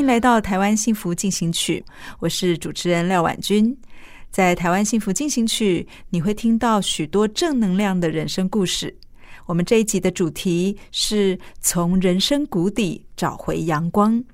歡迎來到《台灣幸福進行曲》，我是主持人廖婉君。在《台灣幸福進行曲》，你會聽到許多正能量的人生故事。我們這一集的主題是從人生谷底找回陽光。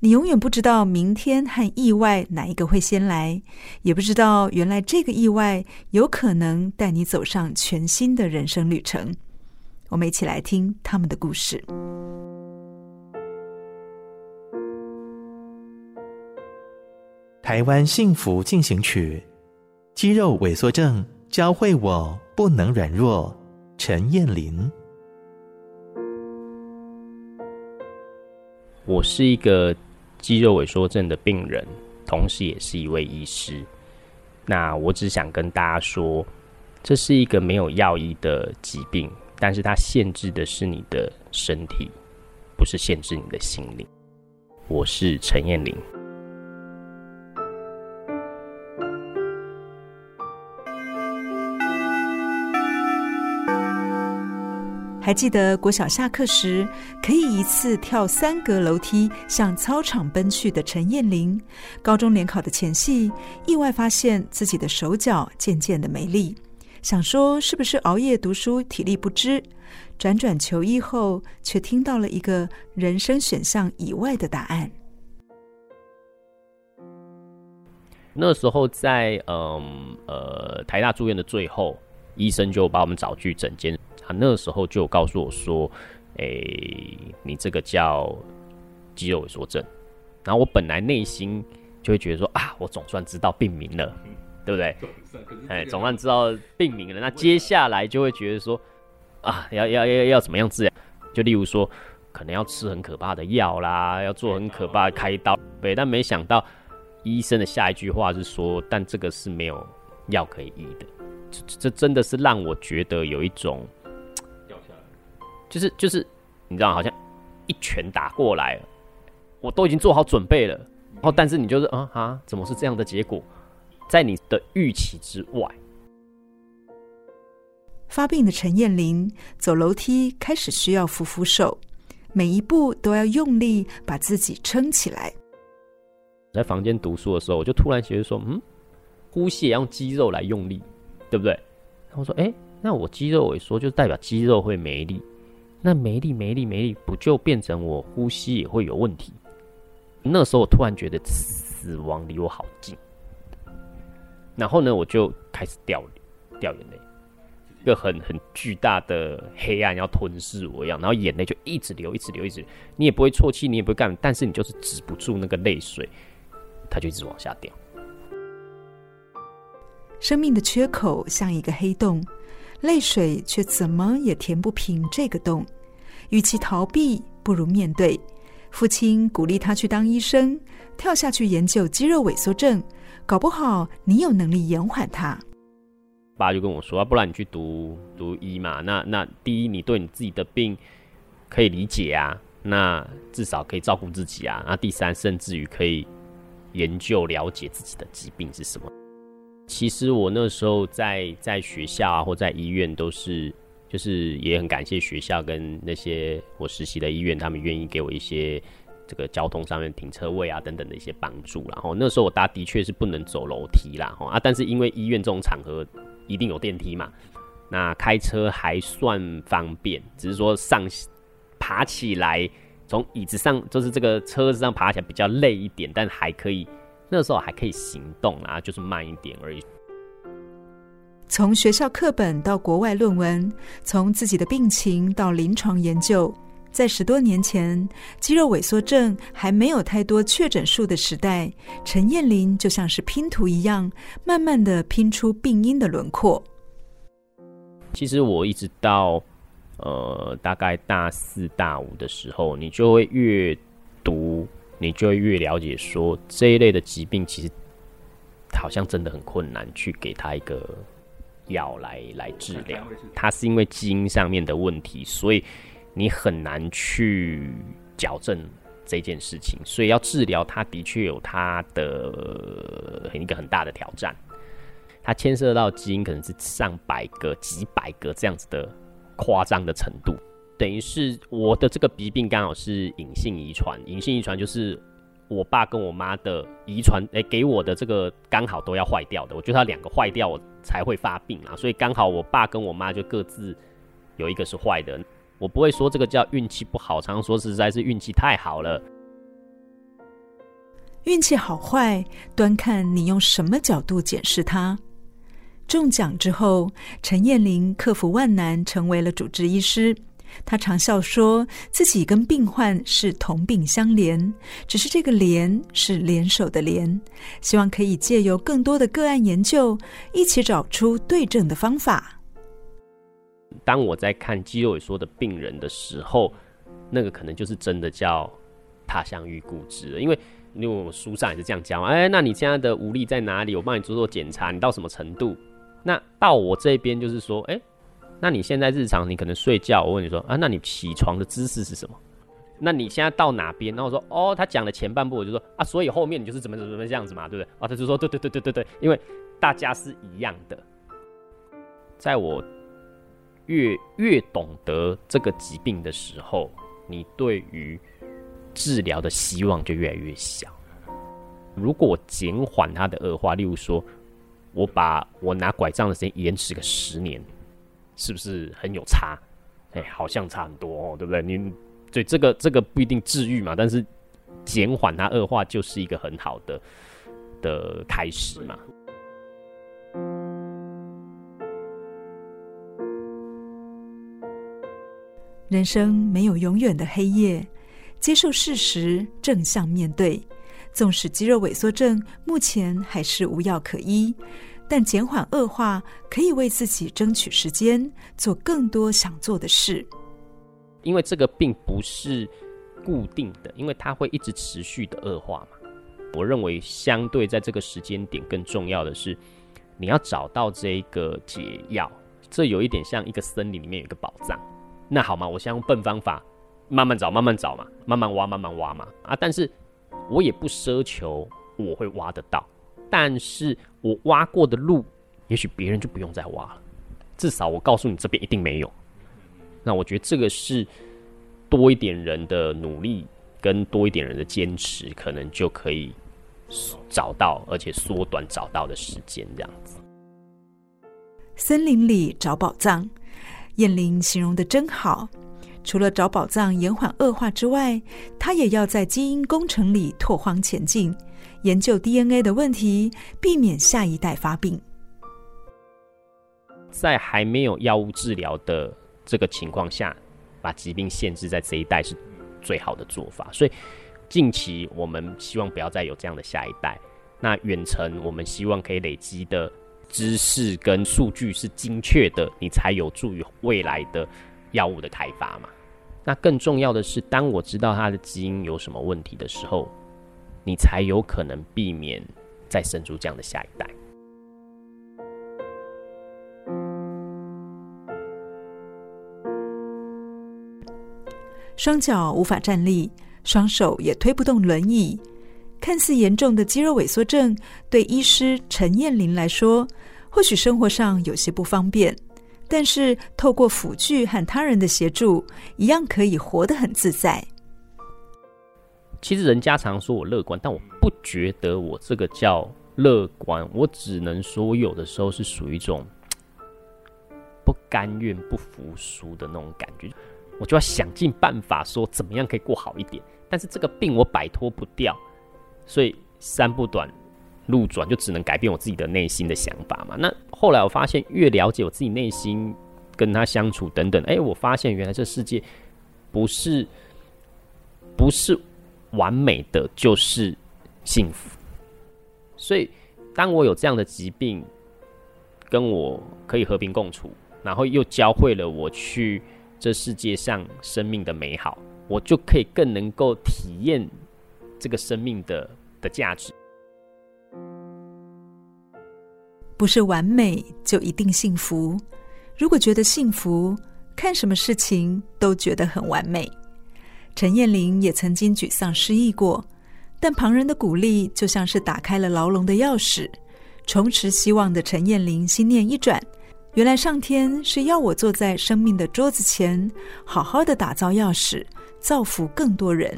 你永遠不知道明天和意外哪一個會先來，也不知道原來這個意外有可能帶你走上全新的人生旅程。我們一起來聽他們的故事。台灣幸福進行曲，肌肉萎縮症教會我不能軟弱。陳燕麟。我是一個肌肉萎縮症的病人，同時也是一位醫師。那我只想跟大家說，這是一個沒有藥醫的疾病，但是它限制的是你的身體，不是限制你的心靈。我是陳燕麟。還記得國小下課時，可以一次跳三格樓梯向操場奔去的陳燕麟，高中聯考的前夕，意外發現自己的手腳漸漸的沒力，想說是不是熬夜讀書體力不支，輾轉，轉求醫後，卻聽到了一個人生選項以外的答案。那時候在嗯呃，呃台大住院的最後，醫生就把我們找去診間。啊、那時候就有告訴我說：“哎、欸，你這個叫肌肉萎縮症。啊”然後我本來內心就會覺得說：“啊，我總算知道病名了，嗯、對不對？”哎、嗯，總算知道病名了、嗯。那接下來就會覺得說：“啊，要要要要怎麼樣治療？”就例如說，可能要吃很可怕的藥啦，要做很可怕的開刀對對，對。但沒想到醫生的下一句話是說：“但這個是沒有藥可以醫的。這”這這真的是讓我覺得有一種。就是就是，你知道，好像一拳打過來了，我都已經做好準備了。然後，但是你就是，啊哈、啊，怎麼是這樣的結果，在你的預期之外。發病的陳燕麟走樓梯開始需要扶扶手，每一步都要用力把自己撐起來。在房間讀書的時候，我就突然覺得說，嗯，呼吸也要用肌肉來用力，對不對？然後說，哎，那我肌肉萎縮，說就代表肌肉會沒力。那沒力、沒力、沒力，不就變成我呼吸也會有問題？那時候我突然覺得死亡離我好近。然後呢，我就開始掉掉眼淚，一個很很巨大的黑暗要吞噬我一樣，然後眼淚就一直流，一直流，一直流，你也不會錯氣，你也不會乾，但是你就是止不住那個淚水，它就一直往下掉。生命的缺口像一個黑洞。淚水卻怎麼也填不平這個洞。與其逃避，不如面對。父親鼓勵他去當醫生，跳下去研究肌肉萎縮症，搞不好你有能力延緩它。爸就跟我說：“啊、不然你去讀讀醫嘛？那那第一，你對你自己的病可以理解啊；那至少可以照顧自己啊；那第三，甚至於可以研究了解自己的疾病是什麼。”其實我那時候在在學校啊，或在醫院都是，就是也很感謝學校跟那些我實習的醫院，他們願意給我一些這個交通上面停車位啊等等的一些幫助。然後那時候我搭的確是不能走樓梯啦，啊，但是因為醫院這種場合一定有電梯嘛，那開車還算方便，只是說上爬起來從椅子上，就是這個車子上爬起來比較累一點，但還可以。那時候還可以行動啊，就是慢一點而已。從學校課本到國外論文，從自己的病情到臨床研究，在十多年前肌肉萎縮症還沒有太多確診數的時代，陳燕麟就像是拼圖一樣，慢慢的拼出病因的輪廓。其實我一直到呃大概大四大五的時候，你就會閱讀。你就會越了解說，說這一類的疾病其實好像真的很困難，去給他一個藥來來治療。它是因為基因上面的問題，所以你很難去矯正這件事情。所以要治療它的確有它的一個很大的挑戰，它牽涉到基因可能是上百個、幾百個這樣子的誇張的程度。等於是我的這個疾病剛好是隱性遺傳，隱性遺傳就是我爸跟我媽的遺傳，哎，給我的這個剛好都要壞掉的。我覺得它兩個壞掉我才會發病啊，所以剛好我爸跟我媽就各自有一個是壞的。我不會說這個叫運氣不好，常常說實在是運氣太好了。運氣好壞，端看你用什麼角度檢視它。中獎之後，陳燕麟克服萬難，成為了主治醫師。他常笑說自己跟病患是同病相憐，只是這個“憐”是聯手的“聯”。希望可以借由更多的個案研究，一起找出對症的方法。當我在看肌肉萎縮的病人的時候，那個可能就是真的叫他鄉遇故知了，因為因為我書上也是這樣講嘛。哎、欸，那你現在的無力在哪裡？我幫你做做檢查，你到什麼程度？那到我這邊就是說，哎、欸。那你現在日常你可能睡覺，我問你說啊，那你起床的姿勢是什麼？那你現在到哪邊？然後我說哦，他講的前半部我就說啊，所以後面你就是怎麼怎麼怎麼這樣子嘛，對不對？啊，他就說對對對對對對，因為大家是一樣的。在我越越懂得這個疾病的時候，你對於治療的希望就越來越小。如果我減緩他的惡化，例如說我把我拿拐杖的時間延遲個十年。是不是很有差？欸，好像差很多哦，對不對？你對這個這個不一定治癒嘛，但是減緩它惡化就是一個很好的的開始嘛。嗯。人生沒有永遠的黑夜，接受事實，正向面對，縱使肌肉萎縮症目前還是無藥可醫。但減緩惡化可以為自己爭取時間，做更多想做的事。因為這個並不是固定的，因為它會一直持續的惡化嘛。我認為相對在這個時間點更重要的是，你要找到這個解藥。這有一點像一個森林裡面有一個寶藏，那好嘛，我先用笨方法，慢慢找，慢慢找嘛，慢慢挖，慢慢挖嘛。啊，但是我也不奢求我會挖得到。但是我挖過的路，也許別人就不用再挖了。至少我告訴你，這邊一定沒有。那我覺得這個是多一點人的努力跟多一點人的堅持，可能就可以找到，而且縮短找到的時間。這樣子，森林裡找寶藏，燕麟形容得真好。除了找寶藏、延緩惡化之外，他也要在基因工程裡拓荒前進。研究 DNA 的問題，避免下一代發病。在還沒有藥物治療的這個情況下，把疾病限制在這一代是最好的做法。所以，近期我們希望不要再有這樣的下一代。那遠程，我們希望可以累積的知識跟數據是精確的，你才有助於未來的藥物的開發嘛。那更重要的是，當我知道它的基因有什麼問題的時候。你才有可能避免再生出這樣的下一代。雙腳無法站立，雙手也推不動輪椅，看似嚴重的肌肉萎縮症，對醫師陳燕麟來說，或許生活上有些不方便，但是透過輔具和他人的協助，一樣可以活得很自在。其實人家常說我樂觀，但我不覺得我這個叫樂觀，我只能說，我有的時候是屬於一種不甘願、不服輸的那種感覺。我就要想盡辦法說，怎麼樣可以過好一點。但是這個病我擺脫不掉，所以山不轉，路轉就只能改變我自己的內心的想法嘛。那後來我發現，越了解我自己內心，跟他相處等等，哎、欸，我發現原來這世界不是，不是。完美的就是幸福，所以當我有這樣的疾病，跟我可以和平共處，然後又教會了我去這世界上生命的美好，我就可以更能夠體驗這個生命的的價值。不是完美就一定幸福，如果覺得幸福，看什麼事情都覺得很完美。陳燕麟也曾經沮喪失意過，但旁人的鼓勵就像是打開了牢籠的鑰匙，重拾希望的陳燕麟心念一轉，原來上天是要我坐在生命的桌子前，好好的打造鑰匙，造福更多人。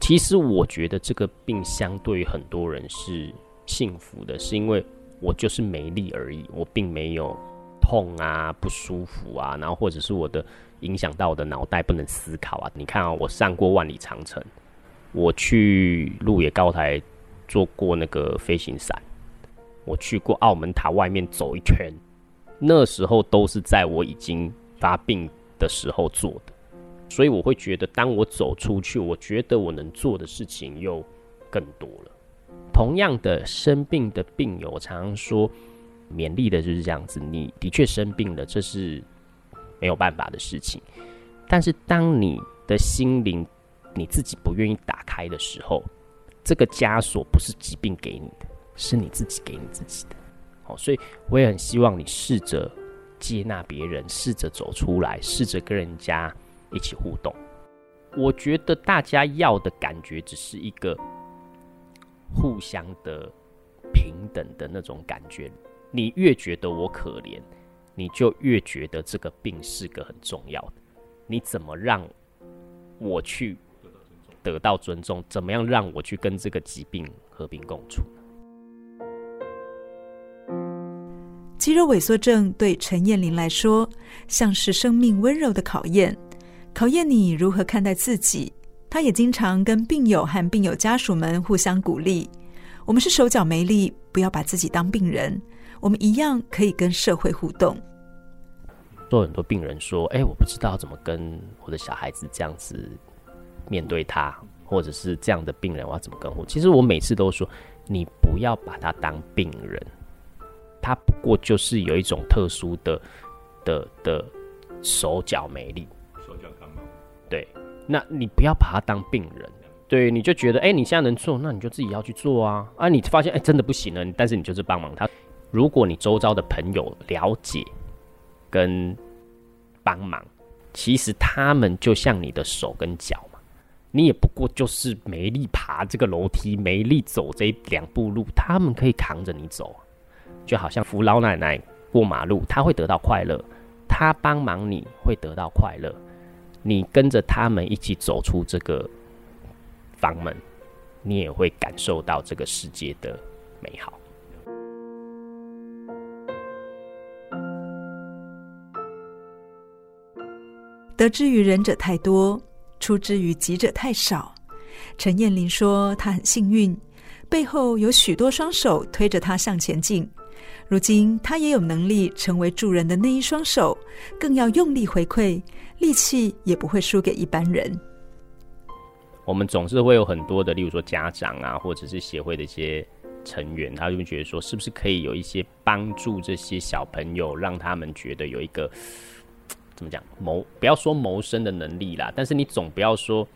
其實我覺得這個病相對於很多人是幸福的，是因為我就是沒力而已，我並沒有痛啊、不舒服啊，然後或者是我的。影響到我的腦袋不能思考啊！你看啊，我上過萬里長城，我去鹿野高台坐過那個飛行傘，我去過澳門塔外面走一圈，那時候都是在我已經發病的時候做的，所以我會覺得，當我走出去，我覺得我能做的事情又更多了。同樣的，生病的病友，我常常說勉勵的就是這樣子：你的確生病了，這是。沒有辦法的事情，但是當你的心靈你自己不願意打開的時候，這個枷鎖不是疾病給你的，是你自己給你自己的。好、哦，所以我也很希望你試着接納別人，試着走出來，試着跟人家一起互動。我覺得大家要的感覺，只是一個互相的平等的那種感覺。你越覺得我可憐，你就越覺得這個病是個很重要的，你怎麼讓我去得到尊重？怎麼樣讓我去跟這個疾病和平共處？肌肉萎縮症對陳燕麟來說，像是生命溫柔的考驗，考驗你如何看待自己。他也經常跟病友和病友家屬們互相鼓勵，我們是手腳沒力，不要把自己當病人，我們一樣可以跟社會互動。做很多病人說：“哎、欸，我不知道怎麼跟我的小孩子這樣子面對他，或者是這樣的病人，我要怎麼跟他？”我其實我每次都說：“你不要把他當病人，他不過就是有一種特殊的的的手腳沒力，手腳幹嘛？”對，那你不要把他當病人。對，你就覺得哎、欸，你現在能做，那你就自己要去做啊啊！你發現哎、欸，真的不行了，但是你就是幫忙他。如果你周遭的朋友了解跟幫忙，其實他們就像你的手跟腳嘛，你也不過就是沒力爬這個樓梯，沒力走這兩步路，他們可以扛着你走，就好像扶老奶奶過馬路，他會得到快樂，他幫忙你會得到快樂，你跟着他們一起走出這個房門，你也會感受到這個世界的美好。得之於人者太多，出之於己者太少。陳燕麟說：“他很幸運，背後有許多雙手推着他向前進。如今他也有能力成為助人的那一雙手，更要用力回饋，力氣也不會輸給一般人。”我們總是會有很多的，例如說家長啊，或者是協會的一些成員，他就會覺得說，是不是可以有一些幫助這些小朋友，讓他們覺得有一個。怎麼講謀？不要說謀生的能力啦，但是你總不要說，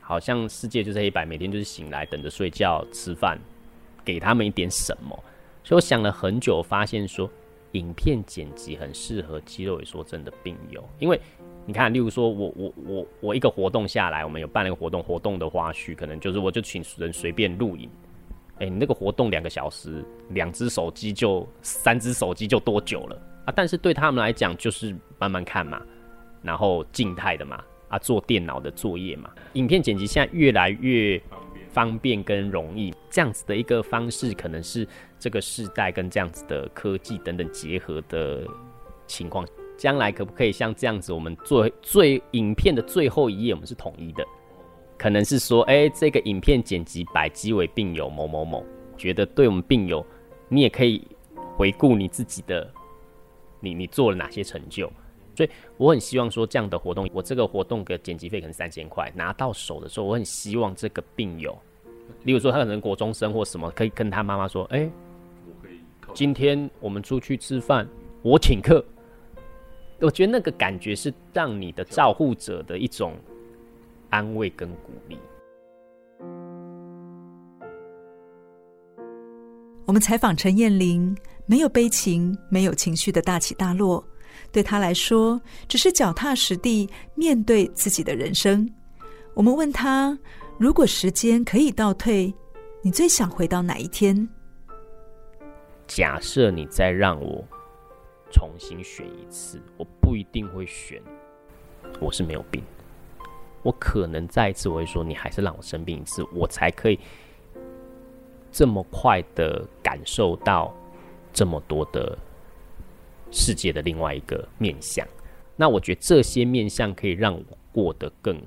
好像世界就是黑白，每天就是醒來等着睡覺、吃飯，給他們一點什麼。所以我想了很久，發現說，影片剪輯很適合肌肉萎縮症的病友，因為你看，例如說我我我我一個活動下來，我們有辦了一個活動，活動的花絮，可能就是我就請人隨便錄影，哎、欸，你那個活動兩個小時，兩隻手機就，三隻手機就多久了？啊！但是對他們來講，就是慢慢看嘛，然後靜態的嘛，啊，做電腦的作業嘛。影片剪輯現在越來越方便跟容易，這樣子的一個方式，可能是這個世代跟這樣子的科技等等結合的情況。將來可不可以像這樣子，我們做最，最影片的最後一頁，我們是統一的，可能是說，誒、欸，這個影片剪輯百基為病友某某某，覺得對我們病友，你也可以回顧你自己的。你你做了哪些成就？所以我很希望說，這樣的活動，我這個活動的剪輯費可能三千塊拿到手的時候，我很希望這個病友，例如說他可能國中生或什麼，可以跟他媽媽說，哎，我可以，今天我們出去吃飯，我請客。我覺得那個感覺是讓你的照護者的一種安慰跟鼓勵。我們採訪陳燕麟，沒有悲情，沒有情緒的大起大落，對他來說，只是腳踏實地面對自己的人生。我們問他，如果時間可以倒退，你最想回到哪一天？假設你再讓我重新選一次，我不一定會選。我是沒有病，我可能再一次我會說，你還是讓我生病一次，我才可以。這麼快的感受到這麼多的世界的另外一個面向，那我覺得這些面向可以讓我過得更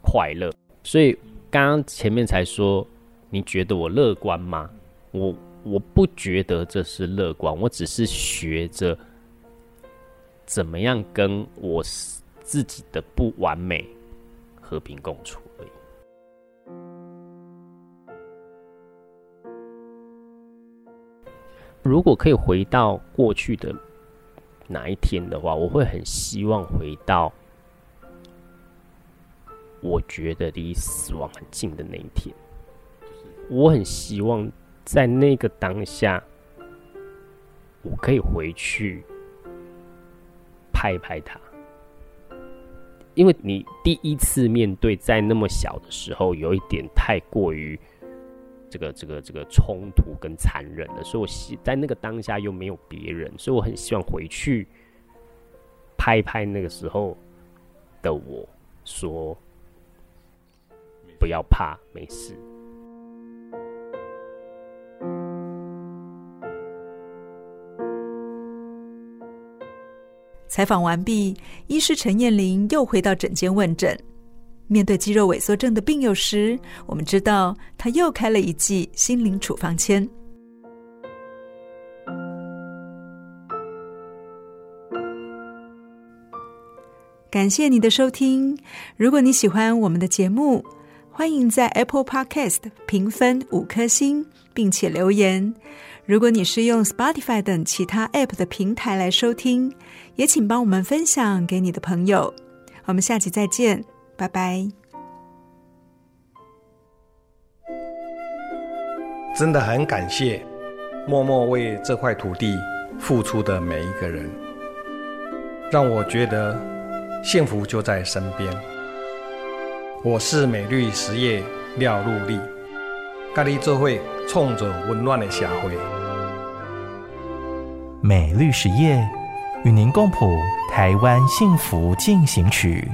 快樂。所以剛剛前面才說你覺得我樂觀嗎？我我不覺得這是樂觀，我只是學着怎麼樣跟我自己的不完美和平共處。如果可以回到過去的哪一天的話，我會很希望回到我覺得離死亡很近的那一天。就是我很希望在那個當下，我可以回去拍一拍他，因為你第一次面對在那麼小的時候，有一點太過於。這個這個這個衝突跟殘忍的，所以我在那個當下又沒有別人，所以我很希望回去拍一拍那個時候的我，說不要怕，沒事。採訪完畢，醫師陳燕麟又回到診間問診。面對肌肉萎縮症的病友時，我們知道他又開了一劑心靈處方簽。感謝你的收聽。如果你喜歡我們的節目，歡迎在 Apple Podcast 評分五顆星，並且留言。如果你是用 Spotify 等其他 App 的平台來收聽，也請幫我們分享給你的朋友。我們下期再見。拜拜！真的很感謝默默為這塊土地付出的每一個人，讓我覺得幸福就在身邊。我是美律實業廖陸麗，咖喱就會，創造溫暖的協會美。美律實業與您共譜台灣幸福進行曲。